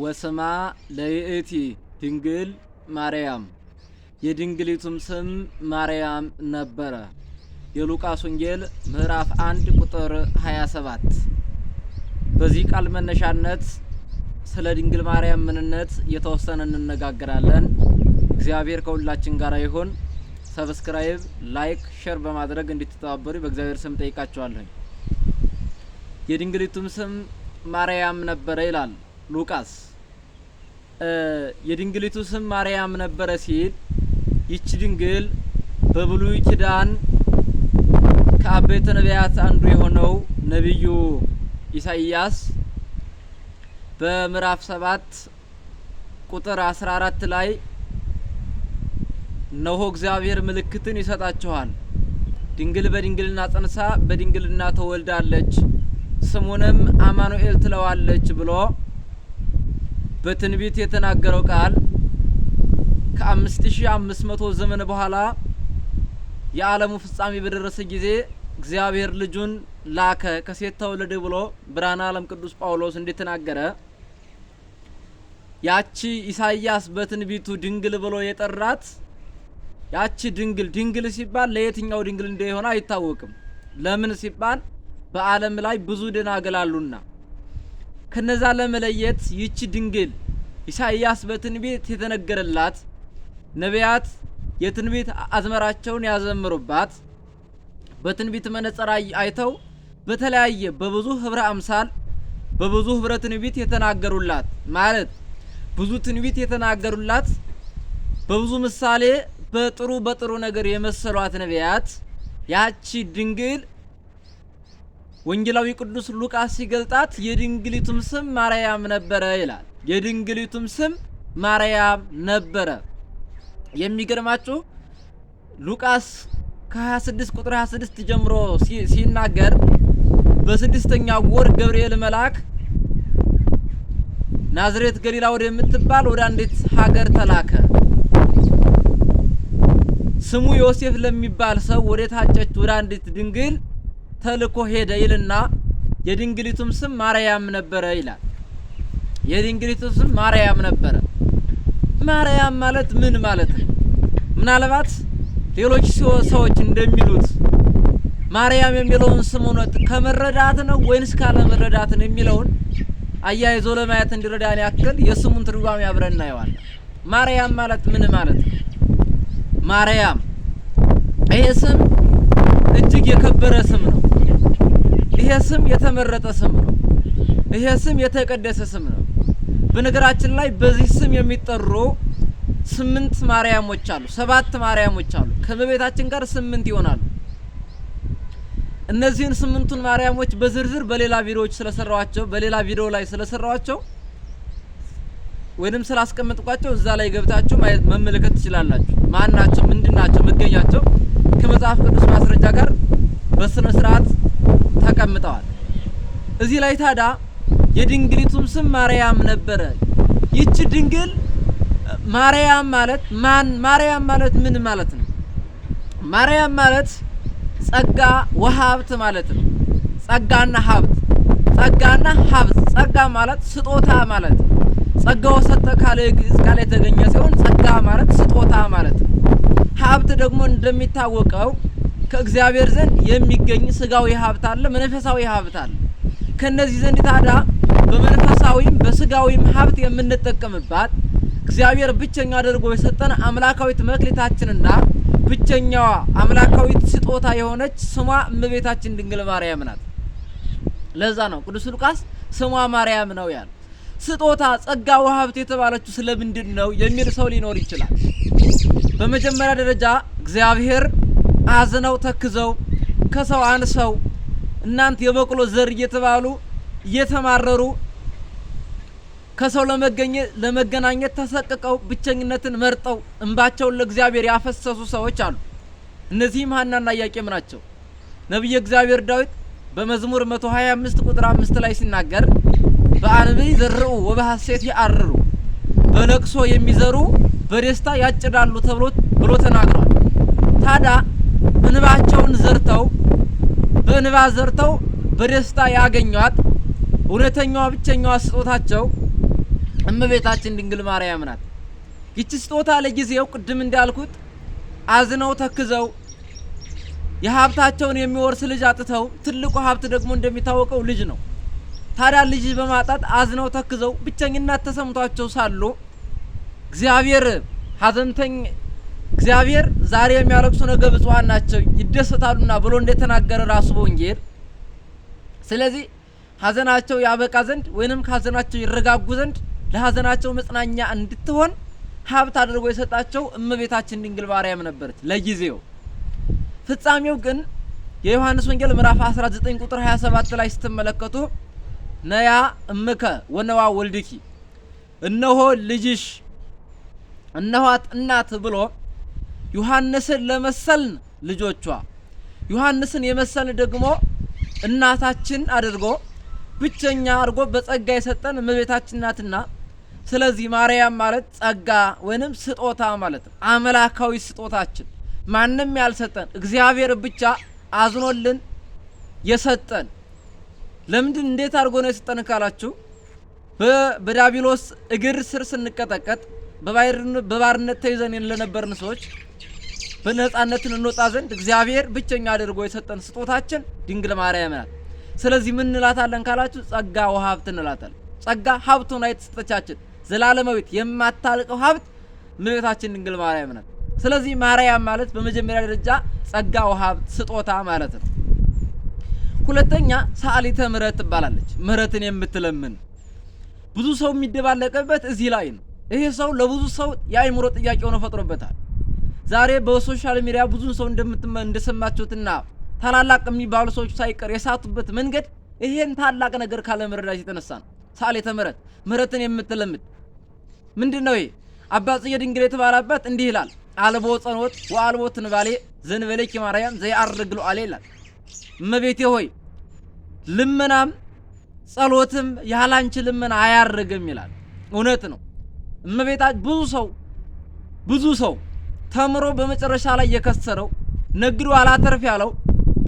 ወስማ ለይእቲ ድንግል ማርያም የድንግሊቱም ስም ማርያም ነበረ። የሉቃስ ወንጌል ምዕራፍ 1 ቁጥር 27። በዚህ ቃል መነሻነት ስለ ድንግል ማርያም ምንነት የተወሰነ እንነጋገራለን። እግዚአብሔር ከሁላችን ጋር ይሁን። ሰብስክራይብ፣ ላይክ፣ ሼር በማድረግ እንድትተባበሩ በእግዚአብሔር ስም ጠይቃችኋለሁ። የድንግሊቱም ስም ማርያም ነበረ ይላል ሉቃስ የድንግሊቱ ስም ማርያም ነበረ ሲል ይቺ ድንግል በብሉይ ኪዳን ከአበይተ ነቢያት አንዱ የሆነው ነቢዩ ኢሳይያስ በምዕራፍ ሰባት ቁጥር አስራ አራት ላይ እነሆ እግዚአብሔር ምልክትን ይሰጣችኋል፣ ድንግል በድንግልና ጸንሳ በድንግልና ተወልዳለች፣ ስሙንም አማኑኤል ትለዋለች ብሎ በትንቢት የተናገረው ቃል ከ5500 ዘመን በኋላ የዓለሙ ፍጻሜ በደረሰ ጊዜ እግዚአብሔር ልጁን ላከ ከሴት ተወለደ ብሎ ብርሃነ ዓለም ቅዱስ ጳውሎስ እንደተናገረ ያቺ ኢሳይያስ በትንቢቱ ድንግል ብሎ የጠራት ያቺ ድንግል ድንግል ሲባል ለየትኛው ድንግል እንደሆነ አይታወቅም። ለምን ሲባል በዓለም ላይ ብዙ ደናግል አሉና ከነዛ ለመለየት ይቺ ድንግል ኢሳይያስ በትንቢት የተነገረላት፣ ነቢያት የትንቢት አዝመራቸውን ያዘምሩባት፣ በትንቢት መነጽር አይተው በተለያየ በብዙ ህብረ አምሳል በብዙ ህብረ ትንቢት የተናገሩላት ማለት ብዙ ትንቢት የተናገሩላት በብዙ ምሳሌ በጥሩ በጥሩ ነገር የመሰሏት ነቢያት ያቺ ድንግል ወንጌላዊ ቅዱስ ሉቃስ ሲገልጣት የድንግሊቱም ስም ማርያም ነበረ ይላል። የድንግሊቱም ስም ማርያም ነበረ። የሚገርማችሁ ሉቃስ ከ26 ቁጥር 26 ጀምሮ ሲናገር በስድስተኛ ወር ገብርኤል መልአክ ናዝሬት ገሊላ ወደምትባል ወደ አንዲት ሀገር ተላከ። ስሙ ዮሴፍ ለሚባል ሰው ወደ ታጨች ወደ አንዲት ድንግል ተልኮ ሄደ ይልና የድንግሊቱም ስም ማርያም ነበረ ይላል። የድንግሊቱ ስም ማርያም ነበረ። ማርያም ማለት ምን ማለት ነው? ምናልባት ሌሎች ሰዎች እንደሚሉት ማርያም የሚለውን ስም እውነት ከመረዳት ነው ወይንስ ካለመረዳት ነው የሚለውን አያይዞ ለማየት እንዲረዳን ያክል የስሙን ትርጓሜ አብረን እናየዋለን። ማርያም ማለት ምን ማለት ነው? ማርያም ይሄ ስም እጅግ የከበረ ስም ነው። ይሄ ስም የተመረጠ ስም ነው። ይሄ ስም የተቀደሰ ስም ነው። በነገራችን ላይ በዚህ ስም የሚጠሩ ስምንት ማርያሞች አሉ፣ ሰባት ማርያሞች አሉ። ከመቤታችን ጋር ስምንት ይሆናሉ። እነዚህን ስምንቱን ማርያሞች በዝርዝር በሌላ ቪዲዮዎች ስለሰራዋቸው በሌላ ቪዲዮ ላይ ስለሰራዋቸው ወይንም ስላስቀመጥኳቸው እዛ ላይ ገብታችሁ ማየት መመልከት ትችላላችሁ። ማን ናቸው? ምንድን ናቸው? መገኛቸው ከመጽሐፍ ቅዱስ ማስረጃ ጋር በስነ ስርዓት ተቀምጠዋል። እዚህ ላይ ታዳ የድንግሊቱም ስም ማርያም ነበረ። ይቺ ድንግል ማርያም ማለት ማን? ማርያም ማለት ምን ማለት ነው? ማርያም ማለት ጸጋ ወሀብት ማለት ነው። ጸጋና ሀብት፣ ጸጋና ሀብት። ጸጋ ማለት ስጦታ ማለት ነው። ጸጋው ሰጠ ካለ ግዕዝ ቃል የተገኘ ሲሆን ጸጋ ማለት ስጦታ ማለት ነው። ሀብት ደግሞ እንደሚታወቀው ከእግዚአብሔር ዘንድ የሚገኝ ስጋዊ ሀብት አለ፣ መንፈሳዊ ሀብት አለ። ከነዚህ ዘንድ ታዲያ በመንፈሳዊም በስጋዊም ሀብት የምንጠቀምባት እግዚአብሔር ብቸኛ አድርጎ የሰጠን አምላካዊት መክሌታችንና ብቸኛዋ አምላካዊት ስጦታ የሆነች ስሟ እመቤታችን ድንግል ማርያም ናት። ለዛ ነው ቅዱስ ሉቃስ ስሟ ማርያም ነው ያለ። ስጦታ ጸጋው ሀብት የተባለችው ስለምንድን ነው የሚል ሰው ሊኖር ይችላል። በመጀመሪያ ደረጃ እግዚአብሔር አዝነው ተክዘው ከሰው አንሰው እናንት የበቅሎ ዘር እየተባሉ እየተማረሩ ከሰው ለመገናኘት ተሰቅቀው ብቸኝነትን መርጠው እንባቸውን ለእግዚአብሔር ያፈሰሱ ሰዎች አሉ። እነዚህም ሀናና ኢያቄም ናቸው። ነቢየ እግዚአብሔር ዳዊት በመዝሙር 125 ቁጥር 5 ላይ ሲናገር በአንብዕ ይዘርኡ ወበሐሴት ያርሩ፣ በለቅሶ የሚዘሩ በደስታ ያጭዳሉ ተብሎ ብሎ ተናግሯል። ታዲያ እንባቸውን ዘርተው በእንባ ዘርተው በደስታ ያገኟት እውነተኛዋ ብቸኛዋ ስጦታቸው እመቤታችን ድንግል ማርያም ናት። ይቺ ስጦታ ለጊዜው ቅድም እንዳልኩት አዝነው ተክዘው የሀብታቸውን የሚወርስ ልጅ አጥተው፣ ትልቁ ሀብት ደግሞ እንደሚታወቀው ልጅ ነው። ታዲያ ልጅ በማጣት አዝነው ተክዘው ብቸኝነት ተሰምቷቸው ሳሉ እግዚአብሔር ሀዘንተኝ እግዚአብሔር ዛሬ የሚያለቅሱ ነገ ብፁዓን ናቸው ይደሰታሉና ብሎ እንደተናገረ ራሱ በወንጌል። ስለዚህ ሀዘናቸው ያበቃ ዘንድ ወይንም ከሀዘናቸው ይረጋጉ ዘንድ ለሀዘናቸው መጽናኛ እንድትሆን ሀብት አድርጎ የሰጣቸው እመቤታችን ድንግል ማርያም ነበረች ለጊዜው። ፍጻሜው ግን የዮሐንስ ወንጌል ምዕራፍ 19 ቁጥር 27 ላይ ስትመለከቱ ነያ እምከ ወነዋ ወልድኪ እነሆ ልጅሽ እነኋት እናት ብሎ ዮሐንስን ለመሰልን ልጆቿ ዮሐንስን የመሰልን ደግሞ እናታችን አድርጎ ብቸኛ አድርጎ በጸጋ የሰጠን እመቤታችን ናትና ስለዚህ ማርያም ማለት ጸጋ ወይንም ስጦታ ማለት ነው። አምላካዊ ስጦታችን ማንም ያልሰጠን እግዚአብሔር ብቻ አዝኖልን የሰጠን። ለምንድን እንዴት አድርጎ ነው የሰጠን ካላችሁ በዳቢሎስ እግር ስር ስንቀጠቀጥ በባርነት ተይዘን ለነበርን ሰዎች በነጻነትን እንወጣ ዘንድ እግዚአብሔር ብቸኛ አድርጎ የሰጠን ስጦታችን ድንግል ማርያም ናት። ስለዚህ ምን እንላታለን ካላችሁ ጸጋ ወሀብት እንላታለን። ጸጋ ሀብቱን የተሰጠቻችን ዘላለማዊት የማታልቀው ሀብት እመቤታችን ድንግል ማርያም ናት። ስለዚህ ማርያም ማለት በመጀመሪያ ደረጃ ጸጋው ሀብት ስጦታ ማለት ነው። ሁለተኛ ሰአሊተ ምሕረት ትባላለች። ምሕረትን የምትለምን ብዙ ሰው የሚደባለቀበት እዚህ ላይ ነው። ይሄ ሰው ለብዙ ሰው የአይምሮ ጥያቄ ሆኖ ፈጥሮበታል። ዛሬ በሶሻል ሚዲያ ብዙ ሰው እንደሰማችሁትና ታላላቅ የሚባሉ ሰዎች ሳይቀር የሳቱበት መንገድ ይሄን ታላቅ ነገር ካለ የተነሳ ነው። ሰአሊተ ምሕረት ምሕረትን የምትለምድ ምንድን ነው ይሄ? አባ ጽጌ ድንግል የተባለ አባት እንዲህ ይላል፣ አልቦ ጸኖት ወአልቦ ትንባሌ ዘንበለኪ ማርያም ዘያርግሎ አለ ይላል። እመቤቴ ሆይ ልመናም ጸሎትም ያላንቺ ልመና አያርግም ይላል። እውነት ነው። እመቤታ ብዙ ሰው ብዙ ሰው ተምሮ በመጨረሻ ላይ የከሰረው ነግዶ አላተርፍ ያለው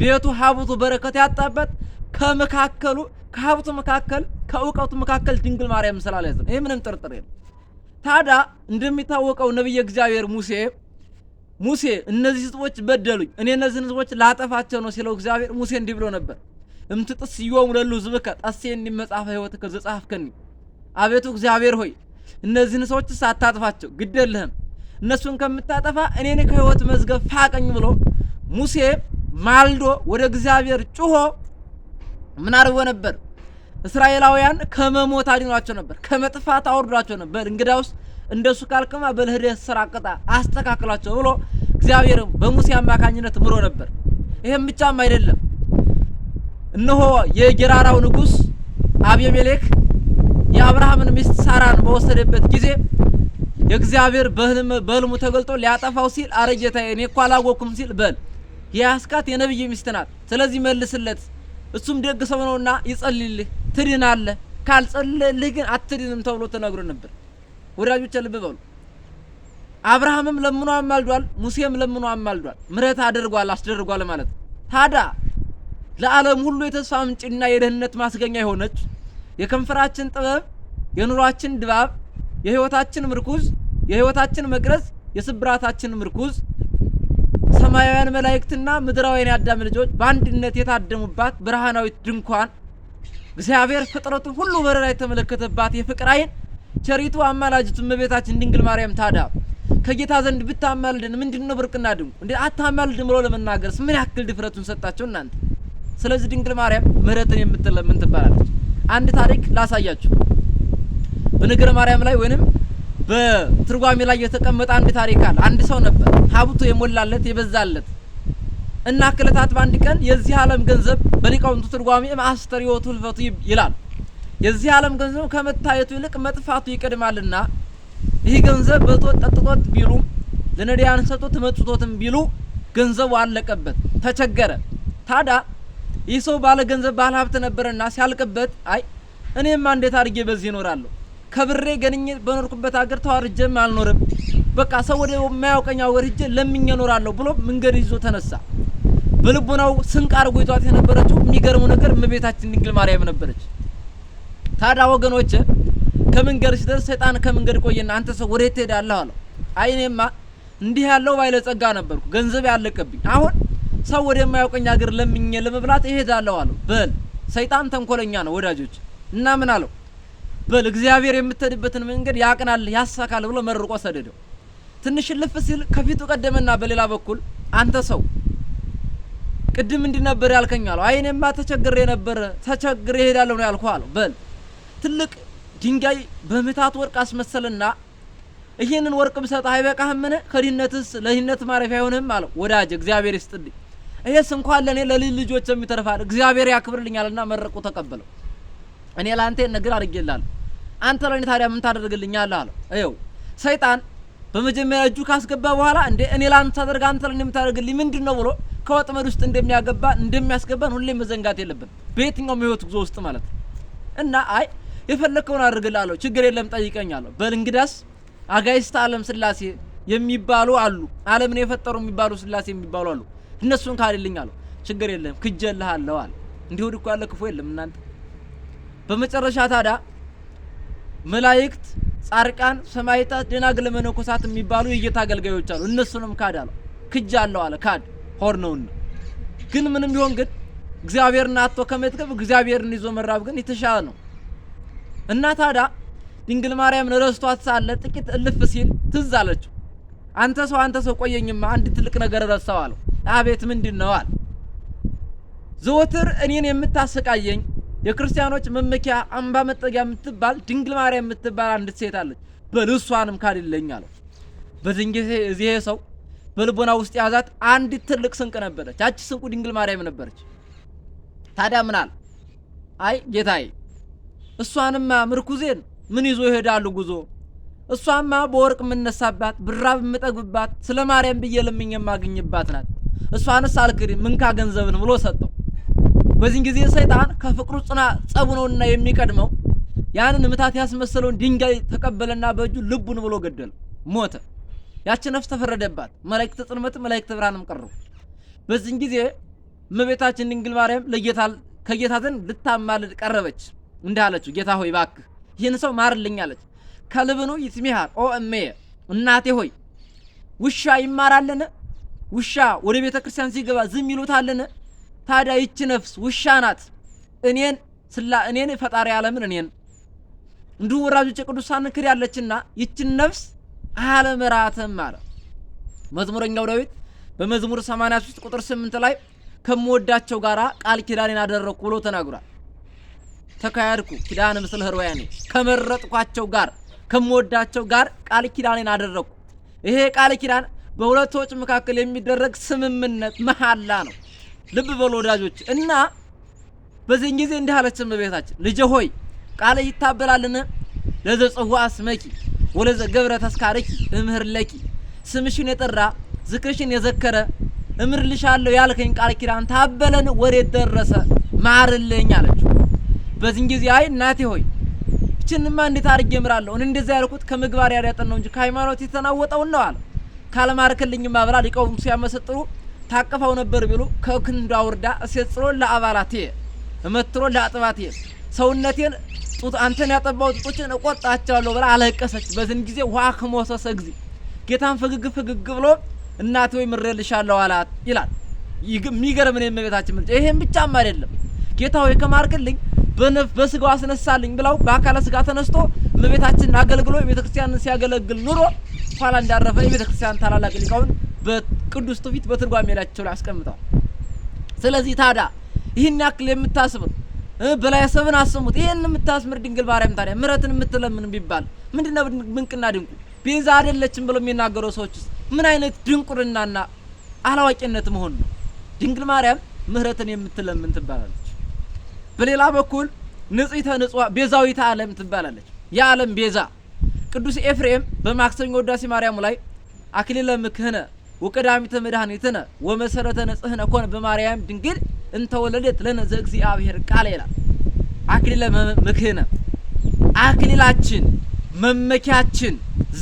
ቤቱ ሀብቱ በረከት ያጣበት ከመካከሉ ከሀብቱ መካከል ከእውቀቱ መካከል ድንግል ማርያም ስላለች ነው። ይህ ምንም ጥርጥር የለም። ታዳ እንደሚታወቀው ነቢየ እግዚአብሔር ሙሴ ሙሴ እነዚህ ህዝቦች በደሉኝ፣ እኔ እነዚህን ህዝቦች ላጠፋቸው ነው ሲለው እግዚአብሔር ሙሴ እንዲህ ብሎ ነበር እምትጥስ ይወሙ ለሉ ሕዝብከ ጠሴኒ መጽሐፈ ሕይወትከ ዘጸሐፍከኒ። አቤቱ እግዚአብሔር ሆይ እነዚህን ሰዎች ሳታጥፋቸው ግደልህም የለህም፣ እነሱን ከምታጠፋ እኔን ከህይወት መዝገብ ፋቀኝ ብሎ ሙሴ ማልዶ ወደ እግዚአብሔር ጩሆ ምን አድርጎ ነበር? እስራኤላውያን ከመሞት አድኗቸው ነበር፣ ከመጥፋት አውርዷቸው ነበር። እንግዳውስ እንደሱ ካልክማ በልህደት ስራ ቅጣ አስተካክላቸው ብሎ እግዚአብሔር በሙሴ አማካኝነት ምሮ ነበር። ይሄም ብቻም አይደለም። እነሆ የጌራራው ንጉስ አብየሜሌክ የአብርሃምን ሚስት ሳራን በወሰደበት ጊዜ የእግዚአብሔር በህልሙ ተገልጦ ሊያጠፋው ሲል አረ እኔ እኮ አላወኩም ሲል በል ያስካት የነብይ ሚስት ናት፣ ስለዚህ መልስለት እሱም ደግ ሰው ነውና ይጸልይልህ፣ ትድናለህ። ካልጸለልህ ግን አትድንም ተብሎ ተነግሮ ነበር። ወዳጆች ልብ በሉ። አብርሃምም ለምኖ አማልዷል፣ ሙሴም ለምኖ አማልዷል። ምረት አድርጓል፣ አስደርጓል ማለት ነው። ታዳ ለዓለም ሁሉ የተስፋ ምንጭና የደህንነት ማስገኛ የሆነች የከንፈራችን ጥበብ፣ የኑሯችን ድባብ፣ የህይወታችን ምርኩዝ፣ የህይወታችን መቅረዝ፣ የስብራታችን ምርኩዝ ሰማያውያን መላእክትና ምድራውያን የአዳም ልጆች በአንድነት የታደሙባት ብርሃናዊት ድንኳን እግዚአብሔር ፍጥረቱን ሁሉ በረራ የተመለከተባት የፍቅር አይን ቸሪቱ አማላጅቱ እመቤታችን ድንግል ማርያም ታዳ ከጌታ ዘንድ ብታማልደን ምንድን ነው ብርቅና ድንቁ እንዴ አታማልድን ብሎ ለመናገርስ ምን ያክል ድፍረቱን ሰጣቸው እናንተ። ስለዚህ ድንግል ማርያም ምሕረትን የምትለምን ትባላለች። አንድ ታሪክ ላሳያችሁ። በነገረ ማርያም ላይ ወይንም በትርጓሜ ላይ የተቀመጠ አንድ ታሪክ አለ። አንድ ሰው ነበር ሀብቱ የሞላለት የበዛለት እና ክለታት በአንድ ቀን የዚህ ዓለም ገንዘብ በሊቃውንቱ ትርጓሜ ማስተርዮቱ ህልፈቱ ይላል። የዚህ ዓለም ገንዘብ ከመታየቱ ይልቅ መጥፋቱ ይቀድማልና ይህ ገንዘብ በጦት ጠጥቶት ቢሉ ለነዳያን ሰጥቶ ተመጽቶትም ቢሉ ገንዘቡ አለቀበት፣ ተቸገረ። ታዲያ ይህ ሰው ባለ ገንዘብ ባለ ሀብት ነበርና ሲያልቅበት አይ እኔማ እንዴት አድርጌ በዚህ ይኖራለሁ ከብሬ ገንኝ በኖርኩበት ሀገር ተዋርጀም አልኖርም። በቃ ሰው ወደ የማያውቀኝ ሀገር ሂጄ ለምኜ እኖራለሁ ብሎ መንገድ ይዞ ተነሳ። በልቡናው ስንቅ አድርጎ ይዟት የነበረችው የሚገርመው ነገር እመቤታችን ድንግል ማርያም ነበረች። ታዲያ ወገኖች ከመንገድ ሲደርስ ሰይጣን ከመንገድ ቆየና፣ አንተ ሰው ወዴት ትሄዳለህ አለው። አይኔማ እንዲህ ያለው ጸጋ ነበርኩ፣ ገንዘብ ያለቀብኝ፣ አሁን ሰው ወደ የማያውቀኝ ሀገር ለምኜ ለመብላት እሄዳለሁ አለው። በል ሰይጣን ተንኮለኛ ነው ወዳጆች እና ምን አለው በል እግዚአብሔር የምትሄድበትን መንገድ ያቅናል ያሳካል ብሎ መርቆ ሰደደው። ትንሽ ልፍ ሲል ከፊቱ ቀደመና በሌላ በኩል አንተ ሰው ቅድም እንዲህ ነበር ያልከኝ አለው። አይኔማ ተቸግሬ ነበረ ተቸግሬ እሄዳለሁ ነው ያልኩህ አለው። በል ትልቅ ድንጋይ በምታት ወርቅ አስመሰልና ይህንን ወርቅ ብሰጥህ ምን ከድህነትስ ለድህነት ማረፊያ አይሆንም አለው። ወዳጅ እግዚአብሔር ይስጥልኝ፣ ይሄስ እንኳን ለእኔ ለልጅ ልጆች የሚተርፋል እግዚአብሔር ያክብርልኛልና መረቁ ተቀበለው። እኔ ለአንተ ነገር አድርጌልሃለሁ፣ አንተ ለኔ ታዲያ ምን ታደርግልኛለህ? አለው። አይው ሰይጣን በመጀመሪያ እጁ ካስገባ በኋላ እንዴ እኔ ላንተ ታደርግ አንተ ለኔ የምታደርግልኝ ምንድን ነው ብሎ ከወጥመድ ውስጥ እንደሚያገባ እንደሚያስገባን ሁሌ መዘንጋት የለብን በየትኛውም ህይወት ጉዞ ውስጥ ማለት እና አይ የፈለከውን አድርግልሃለሁ፣ ችግር የለም ጠይቀኛለሁ። በልንግዳስ አጋይስተ ዓለም ስላሴ የሚባሉ አሉ፣ ዓለምን የፈጠሩ የሚባሉ ስላሴ የሚባሉ አሉ። እነሱን ካልልኝ አለው ችግር የለም ክጀልሃለሁ አለ። እንዲሁ እኮ ያለ ክፉ የለም እናንተ በመጨረሻ ታዲያ መላእክት፣ ጻርቃን፣ ሰማይታ ደናግል፣ መነኮሳት የሚባሉ የጌታ አገልጋዮች አሉ። እነሱንም ካድ አለ ክጅ አለው አለ ካድ ሆር ነውና። ግን ምንም ቢሆን ግን እግዚአብሔርን አጥቶ ከመጥገብ እግዚአብሔርን ይዞ መራብ ግን የተሻለ ነው እና ታዲያ ድንግል ማርያምን ረስቷት ሳለ ጥቂት እልፍ ሲል ትዝ አለችው። አንተ ሰው አንተ ሰው ቆየኝማ አንድ ትልቅ ነገር ረሳው አለው። አቤት ምንድን ነው አለ። ዘወትር እኔን የምታሰቃየኝ የክርስቲያኖች መመኪያ አምባ መጠጊያ የምትባል ድንግል ማርያም የምትባል አንዲት ሴት አለች። በልሷንም ካድ አለው። በዚህን ጊዜ እዚህ ሰው በልቦና ውስጥ የያዛት አንዲት ትልቅ ስንቅ ነበረች። ያቺ ስንቁ ድንግል ማርያም ነበረች። ታዲያ ምናል አይ ጌታዬ፣ እሷንማ ምርኩዜን ምን ይዞ ይሄዳሉ ጉዞ እሷማ በወርቅ የምነሳባት ብራብ የምጠግብባት ስለ ማርያም ብዬ ለምኝ የማግኝባት ናት። እሷንስ አልክሪ ምንካ ገንዘብን ብሎ ሰጠው። በዚህ ጊዜ ሰይጣን ከፍቅሩ ጽና ጸቡ ነውና የሚቀድመው ያንን ምታት ያስመሰለውን ድንጋይ ተቀበለና በእጁ ልቡን ብሎ ገደለ። ሞተ። ያቺ ነፍስ ተፈረደባት። መላእክት ጽልመት መላእክት ብርሃንም ቀሩ። በዚህ ጊዜ እመቤታችን ድንግል ማርያም ለጌታ ከጌታ ዘንድ ልታማልድ ቀረበች። እንዳለችው ጌታ ሆይ እባክህ ይህን ሰው ማርልኝ አለች። ከልብኑ ይስሚሃር ኦ እሜየ እናቴ ሆይ ውሻ ይማራልን? ውሻ ወደ ቤተ ክርስቲያን ሲገባ ዝም ይሉታልን? ታዲያ ይቺ ነፍስ ውሻ ናት። እኔን ስላ እኔን ፈጣሪ ዓለምን እኔን እንዲሁ ወራጆች ቅዱሳን ክድ ያለችና ይችን ነፍስ አለመራትም አለ መዝሙረኛው ዳዊት በመዝሙር 83 ቁጥር 8 ላይ ከምወዳቸው ጋራ ቃል ኪዳኔን አደረግኩ ብሎ ተናግሯል። ተካያድኩ ኪዳን ምስል ህርወያኔ ከመረጥኳቸው ጋር ከምወዳቸው ጋር ቃል ኪዳኔን አደረግኩ። ይሄ ቃል ኪዳን በሁለቶች መካከል የሚደረግ ስምምነት መሐላ ነው። ልብ በሉ ወዳጆች። እና በዚህን ጊዜ እንዲህ አለች እመቤታችን፣ ልጄ ሆይ ቃለ ይታበላልን ለዘጽዋ ስመኪ ወለዘ ገብረ ተስካረኪ እምህር ለኪ ስምሽን የጠራ ዝክርሽን የዘከረ እምርልሻለሁ ያልከኝ ቃል ኪዳን ታበለን ወዴት ደረሰ ማርልኝ አለች። በዚህን ጊዜ አይ እናቴ ሆይ እችንማ እንዴት አድርጌ እምራለሁ? እኔ እንደዛ ያልኩት ከምግባር ያዳጠን ነው እንጂ ከሃይማኖት የተናወጠውን ነው አለ። ካልማርክልኝማ ብላ ሊቀውም ሲያመሰጥሩ ታቀፋው ነበር ቢሉ ከክንዷ አውርዳ እሴጽሮ ለአባላቴ እመትሮ ለአጥባቴ ሰውነቴን ጡት አንተን ያጠባው ጡቶችን እቆጣቸዋለሁ ብላ አለቀሰች። በዝን ጊዜ ዋክ ሞሰሰ ጊዜ ጌታን ፈግግ ፈግግ ብሎ እናቴ ወይ ምሬልሻለሁ አላት ይላል። የሚገርም ነው የእመቤታችን ምልጃ። ይሄን ብቻም አይደለም ጌታ ወይ ከማርክልኝ በነፍ በስጋው አስነሳልኝ ብለው በአካለ ስጋ ተነስቶ እመቤታችንን አገልግሎ የቤተክርስቲያንን ሲያገለግል ኑሮ ኋላ እንዳረፈ የቤተክርስቲያን ታላላቅ ሊቃውንት በቅዱስ ትውፊት በትርጓሜ ላቸው ላይ አስቀምጠዋል። ስለዚህ ታዲያ ይህን ያክል የምታስምር በላይ ሰብን አስሙት ይህን የምታስምር ድንግል ማርያም ታዲያ ምረትን የምትለምን ቢባል ምንድን ነው ድንቁ? ቤዛ አይደለችም ብሎ የሚናገረው ሰዎች ውስጥ ምን አይነት ድንቁርናና አላዋቂነት መሆን ነው? ድንግል ማርያም ምህረትን የምትለምን ትባላለች። በሌላ በኩል ንጽሕተ ንጹሐን ቤዛዊተ ዓለም ትባላለች። የዓለም ቤዛ ቅዱስ ኤፍሬም በማክሰኞ ወዳሴ ማርያሙ ላይ አክሊለ ምክህነ ወቀዳሚተ መድኃኒትነ ወመሰረተ ንጽህነ ኮነ በማርያም ድንግል እንተወለደት ለነ ዘእግዚአብሔር ቃል ይላል። አክሊለ ምክህነ አክሊላችን መመኪያችን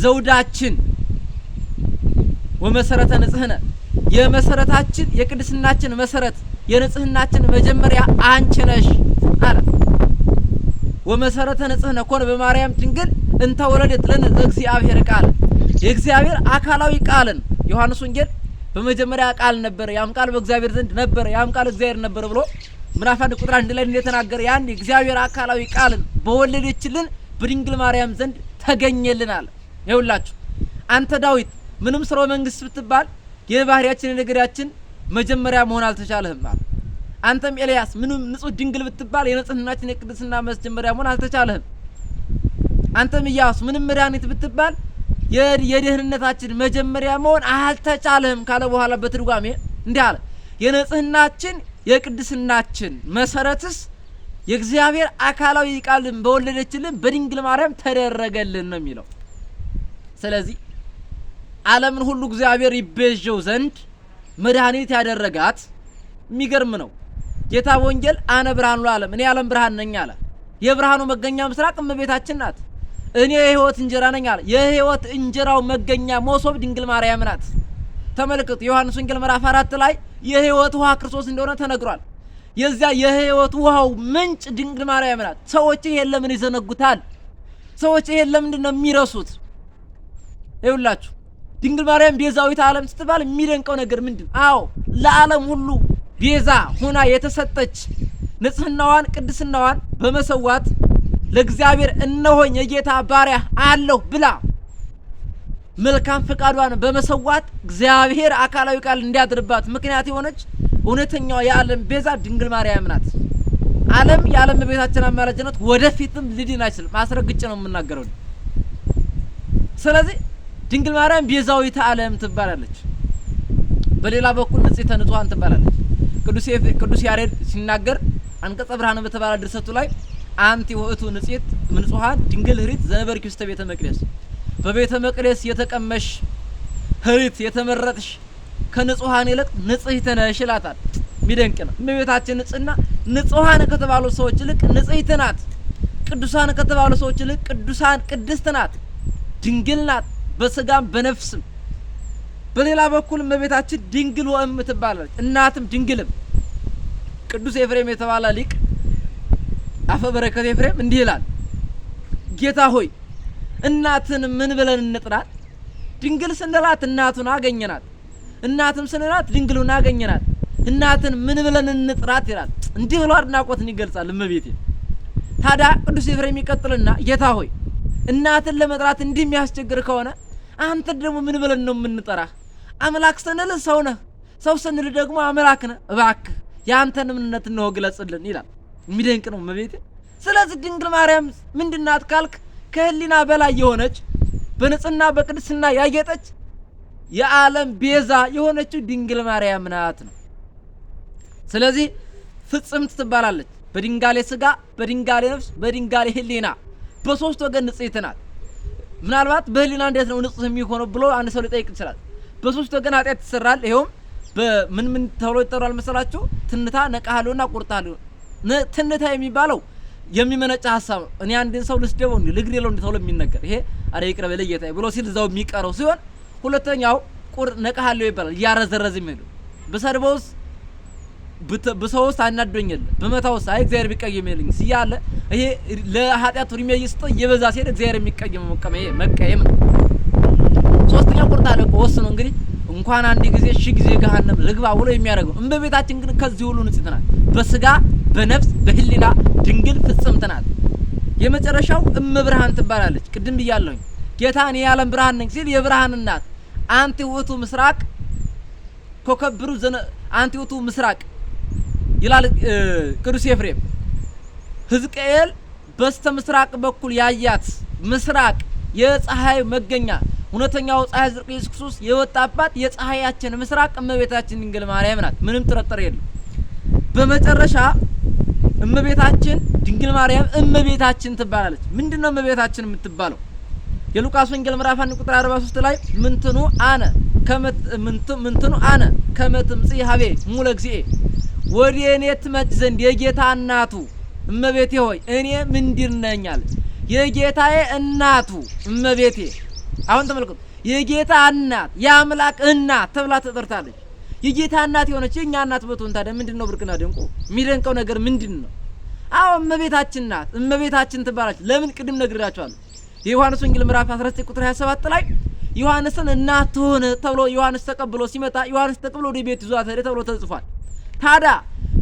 ዘውዳችን ወመሰረተ ንጽህነ የመሰረታችን የቅድስናችን መሰረት የንጽህናችን መጀመሪያ አንቺ ነሽ አለ። ወመሰረተ ንጽህነ ኮነ በማርያም ድንግል እንተወለደት ለነ ዘእግዚአብሔር ቃል የእግዚአብሔር አካላዊ ቃልን ዮሐንስ ወንጌል በመጀመሪያ ቃል ነበረ፣ ያም ቃል በእግዚአብሔር ዘንድ ነበረ፣ ያም ቃል እግዚአብሔር ነበረ ብሎ ምዕራፍ አንድ ቁጥር አንድ ላይ እንደተናገረ ያን እግዚአብሔር አካላዊ ቃልን በወለደችልን በድንግል ማርያም ዘንድ ተገኘልናል። ይኸውላችሁ አንተ ዳዊት ምንም ስሮ መንግስት ብትባል የባህሪያችን የነገዳችን መጀመሪያ መሆን አልተቻለህም አለ። አንተም ኤልያስ ምንም ንጹህ ድንግል ብትባል የንጽህናችን የቅድስና መጀመሪያ መሆን አልተቻለህም። አንተም ኢያሱ ምንም መድኃኒት ብትባል የደህንነታችን መጀመሪያ መሆን አልተቻለም ካለ በኋላ በትርጓሜ እንዲህ አለ፣ የንጽህናችን የቅድስናችን መሰረትስ የእግዚአብሔር አካላዊ ቃልን በወለደችልን በድንግል ማርያም ተደረገልን ነው የሚለው። ስለዚህ ዓለምን ሁሉ እግዚአብሔር ይቤዠው ዘንድ መድኃኒት ያደረጋት የሚገርም ነው። ጌታ በወንጌል አነ ብርሃን ለዓለም እኔ የዓለም ብርሃን ነኝ አለ። የብርሃኑ መገኛ ምስራቅ እመቤታችን ናት። እኔ የህይወት እንጀራ ነኝ አለ። የህይወት እንጀራው መገኛ መሶብ ድንግል ማርያም ናት። ተመልከቱ፣ ዮሐንስ ወንጌል ምዕራፍ አራት ላይ የህይወት ውሃ ክርስቶስ እንደሆነ ተነግሯል። የዚያ የህይወት ውሃው ምንጭ ድንግል ማርያም ናት። ሰዎች ይሄን ለምን ይዘነጉታል? ሰዎች ይሄን ለምንድን ነው የሚረሱት? ድንግል ማርያም ቤዛዊት ዓለም ስትባል የሚደንቀው ነገር ምንድን? አዎ ለዓለም ሁሉ ቤዛ ሆና የተሰጠች ንጽህናዋን ቅድስናዋን በመሰዋት ለእግዚአብሔር እነሆኝ የጌታ ባሪያ አለሁ ብላ መልካም ፈቃዷን በመሰዋት እግዚአብሔር አካላዊ ቃል እንዲያድርባት ምክንያት የሆነች እውነተኛዋ የዓለም ቤዛ ድንግል ማርያም ናት። ዓለም የዓለም ቤታችን አማላጅነት ወደፊትም ሊድን አይችልም። አስረግጬ ነው የምናገረው። ስለዚህ ድንግል ማርያም ቤዛዊተ ዓለም ትባላለች። በሌላ በኩል ንጽሕተ ንጹሐን ትባላለች። ቅዱስ ያሬድ ሲናገር አንቀጸ ብርሃን በተባለ ድርሰቱ ላይ አንቲ ወእቱ ንጽሕት እምንጹሐን ድንግል ህሪት ዘበርኪ ውስተ ቤተ መቅደስ በቤተ መቅደስ የተቀመሽ ህሪት የተመረጥሽ ከንጹሐን ይልቅ ንጽሕት ነሽ ይላታል። የሚደንቅ ነው። እመቤታችን ንጽሕና ንጹሐን ከተባሉ ሰዎች ይልቅ ንጽሕት ናት። ቅዱሳን ከተባሉ ሰዎች ይልቅ ቅዱሳን ቅድስት ናት፣ ድንግል ናት በስጋም በነፍስም። በሌላ በኩል እመቤታችን ድንግል ወእም ትባላለች፣ እናትም ድንግልም። ቅዱስ ኤፍሬም የተባለ ሊቅ አፈ በረከት ኤፍሬም እንዲህ ይላል፣ ጌታ ሆይ እናትን ምን ብለን እንጥራት? ድንግል ስንላት እናቱን አገኘናት፣ እናትም ስንላት ድንግሉን አገኘናት። እናትን ምን ብለን እንጥራት ይላል። እንዲህ ብሎ አድናቆትን ይገልጻል እመቤቴ። ታዲያ ቅዱስ ኤፍሬም ይቀጥልና ጌታ ሆይ እናትን ለመጥራት እንዲህ የሚያስቸግር ከሆነ አንተ ደግሞ ምን ብለን ነው የምንጠራህ? አምላክ ስንል ሰው ነህ፣ ሰው ስንል ደግሞ አምላክ ነህ። እባክህ የአንተን ምንነት እንሆ ግለጽልን ይላል። የሚደንቅ ነው መቤቴ። ስለዚህ ድንግል ማርያም ምንድናት ካልክ ከህሊና በላይ የሆነች በንጽህና በቅድስና ያጌጠች የዓለም ቤዛ የሆነችው ድንግል ማርያም ናት ነው። ስለዚህ ፍጽምት ትባላለች። በድንጋሌ ስጋ፣ በድንጋሌ ነፍስ፣ በድንጋሌ ህሊና በሶስት ወገን ንጽሕት ናት። ምናልባት በህሊና እንዴት ነው ንጹህ የሚሆነው ብሎ አንድ ሰው ሊጠይቅ ይችላል። በሶስት ወገን ኃጢአት ይሰራል። ይኸውም በምን ምን ተብሎ ይጠራል መሰላችሁ? ትንታ፣ ነቃ፣ ህልውና፣ ቁርጣ ህልውና ትንታ የሚባለው የሚመነጨ ሀሳብ ነው። እኔ አንድን ሰው ልስደበው እንዲ ልግደለው እንዲ ተብሎ የሚነገር ይሄ አረ ይቅረበ ለየታ ብሎ ሲል እዛው የሚቀረው ሲሆን፣ ሁለተኛው ቁር ነቀሃለው ይባላል። እያረዘረዝ የሚሄዱ ብሰድበውስ ብሰውስ አናዶኝ በመታው በመታውስ አይ እግዚአብሔር ቢቀየም የለኝ ሲያለ ይሄ ለኃጢአቱ ሪሜ ይስጥ የበዛ ሲሄድ እግዚአብሔር መቀመ ይሄ መቀየም ነው። ሶስተኛው ቁርጥ አለቆ ወስኖ እንግዲህ እንኳን አንድ ጊዜ ሺህ ጊዜ ገሃነም ልግባ ብሎ የሚያደርገው እንበቤታችን ግን ከዚህ ሁሉ ንጽሕት ናት በስጋ በነፍስ በህሊና ድንግል ፍጽምት ናት። የመጨረሻው ብርሃን ትባላለች። ቅድም ብያለሁኝ ጌታ እኔ የዓለም ብርሃን ነኝ ሲል የብርሃን እናት አንቲ ውእቱ ምስራቅ ኮከብሩ ዘነ አንቲ ውእቱ ምስራቅ ይላል ቅዱስ ኤፍሬም። ህዝቀኤል በስተ ምስራቅ በኩል ያያት ምስራቅ የፀሐይ መገኛ እውነተኛው ፀሐይ ዝርቅ ኢየሱስ ክርስቶስ የወጣባት የፀሐያችን ምስራቅ እመቤታችን ድንግል ማርያም ናት። ምንም ጥርጥር የለም። በመጨረሻ እመቤታችን ድንግል ማርያም እመቤታችን ትባላለች። ምንድነው እመቤታችን የምትባለው? የሉቃስ ወንጌል ምዕራፍ 1 ቁጥር 43 ላይ ምንትኑ አነ ምንትኑ አነ ከመትም ሀቤ ሙለ እግዚኤ ወደ እኔ ትመጭ ዘንድ የጌታ እናቱ እመቤቴ ሆይ እኔ ምንድን ነኛል? የጌታዬ እናቱ እመቤቴ። አሁን ተመልከቱ፣ የጌታ እናት የአምላክ እናት ተብላ ተጠርታለች። የጌታ እናት የሆነች የእኛ እናት በትሆን ታዲያ ምንድን ነው ብርቅና ደንቆ የሚደንቀው ነገር ምንድን ነው? አዎ እመቤታችን ናት። እመቤታችን ትባላች። ለምን ቅድም ነግራችኋለሁ። የዮሐንስ ወንጌል ምዕራፍ 19 ቁጥር 27 ላይ ዮሐንስን እናት ትሆን ተብሎ ዮሐንስ ተቀብሎ ሲመጣ ዮሐንስ ተቀብሎ ወደ ቤት ይዟት ሄደ ተብሎ ተጽፏል። ታዲያ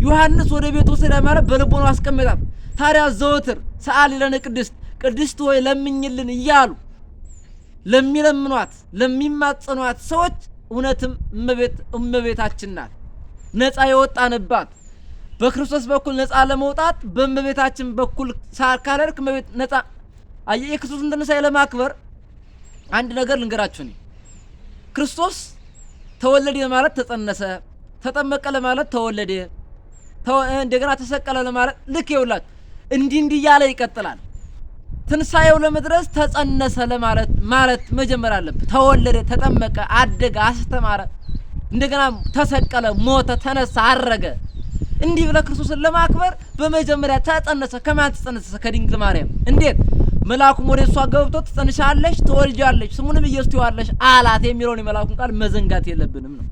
ዮሐንስ ወደ ቤት ወሰደ ማለት በልቦናው አስቀመጣት። ታዲያ ዘወትር ሰአሊ ለነ ቅድስት ቅድስት ሆይ ለምኝልን እያሉ ለሚለምኗት ለሚማጸኗት ሰዎች እውነትም እመቤት እመቤታችን ናት። ነፃ የወጣንባት በክርስቶስ በኩል ነፃ ለመውጣት በእመቤታችን በኩል ሳካለርክ እመቤት ነፃ አየ የክርስቶስን ትንሣኤ ለማክበር አንድ ነገር ልንገራችሁ። እኔ ክርስቶስ ተወለደ ማለት ተጸነሰ፣ ተጠመቀ ለማለት ተወለደ፣ እንደገና ተሰቀለ ለማለት ልክ ይውላችሁ እንዲህ እንዲህ እያለ ይቀጥላል። ትንሳኤው ለመድረስ ተጸነሰ ለማለት ማለት መጀመር አለብህ። ተወለደ፣ ተጠመቀ፣ አደገ፣ አስተማረ፣ እንደገና ተሰቀለ፣ ሞተ፣ ተነሳ፣ አረገ። እንዲህ ብለህ ክርስቶስን ለማክበር በመጀመሪያ ተጸነሰ። ከማን ተጸነሰ? ከድንግል ማርያም። እንዴት? መልአኩም ወደ እሷ ገብቶ ትጸንሻለሽ፣ ትወልጃለሽ፣ ስሙንም ኢየሱስ ትይዋለሽ አላት የሚለውን የመልአኩን ቃል መዘንጋት የለብንም ነው።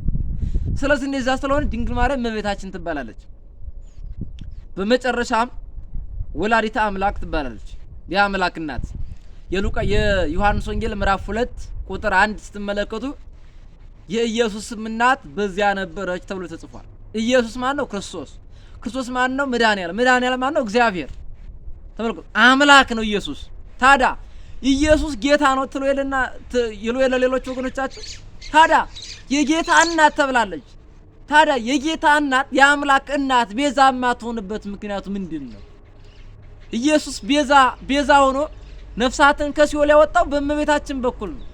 ስለዚህ እንደዛ ስለሆነ ድንግል ማርያም እመቤታችን ትባላለች። በመጨረሻም ወላዲተ አምላክ ትባላለች። የአምላክ እናት የሉቃ የዮሐንስ ወንጌል ምዕራፍ 2 ቁጥር 1 ስትመለከቱ የኢየሱስም እናት በዚያ ነበረች ተብሎ ተጽፏል። ኢየሱስ ማን ነው? ክርስቶስ። ክርስቶስ ማን ነው? መድኃኒዓለም። መድኃኒዓለም ማን ነው? እግዚአብሔር። ተመልከቱ፣ አምላክ ነው ኢየሱስ። ታዳ ኢየሱስ ጌታ ነው ትሎ የለና ይሉ የለ ሌሎች ወገኖቻችን። ታዳ የጌታ እናት ተብላለች። ታዳ የጌታ እናት የአምላክ እናት ቤዛማ የማትሆንበት ምክንያቱ ምንድን ነው? ኢየሱስ ቤዛ ቤዛ ሆኖ ነፍሳትን ከሲኦል ያወጣው በእመቤታችን በኩል ነው።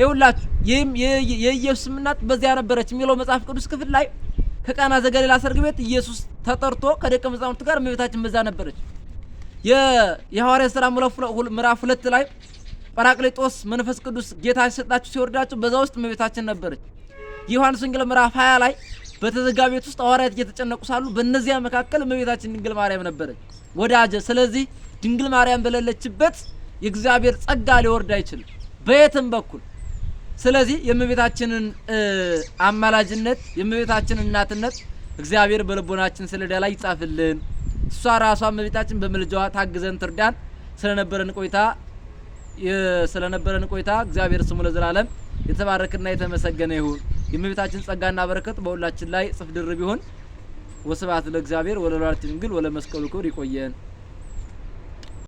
ይውላችሁ ይህም የኢየሱስ እናት በዚያ ነበረች የሚለው መጽሐፍ ቅዱስ ክፍል ላይ ከቃና ዘገሊላ ሰርግ ቤት ኢየሱስ ተጠርቶ ከደቀ መዛሙርቱ ጋር እመቤታችን በዛ ነበረች። የሐዋርያት ስራ ምዕራፍ ሁለት ላይ ጳራቅሊጦስ መንፈስ ቅዱስ ጌታ ሲሰጣችሁ ሲወርዳችሁ በዛ ውስጥ እመቤታችን ነበረች። የዮሐንስ ወንጌል ምዕራፍ 20 ላይ በተዘጋ ቤት ውስጥ ሐዋርያት እየተጨነቁ ሳሉ በእነዚያ መካከል እመቤታችን ድንግል ማርያም ነበረች ወዳጀ። ስለዚህ ድንግል ማርያም በሌለችበት የእግዚአብሔር ጸጋ ሊወርድ አይችልም በየትም በኩል። ስለዚህ የእመቤታችንን አማላጅነት የእመቤታችንን እናትነት እግዚአብሔር በልቦናችን ላይ ይጻፍልን። እሷ ራሷ እመቤታችን በምልጃዋ ታግዘን ትርዳን። ስለነበረን ቆይታ ስለነበረን ቆይታ እግዚአብሔር ስሙ ለዘላለም የተባረከና የተመሰገነ ይሁን። የእመቤታችን ጸጋና በረከት በሁላችን ላይ ጽፍ ድርብ ይሁን። ወስብሐት ለእግዚአብሔር ወለወላዲቱ ድንግል ወለመስቀሉ ክብር ይቆየን።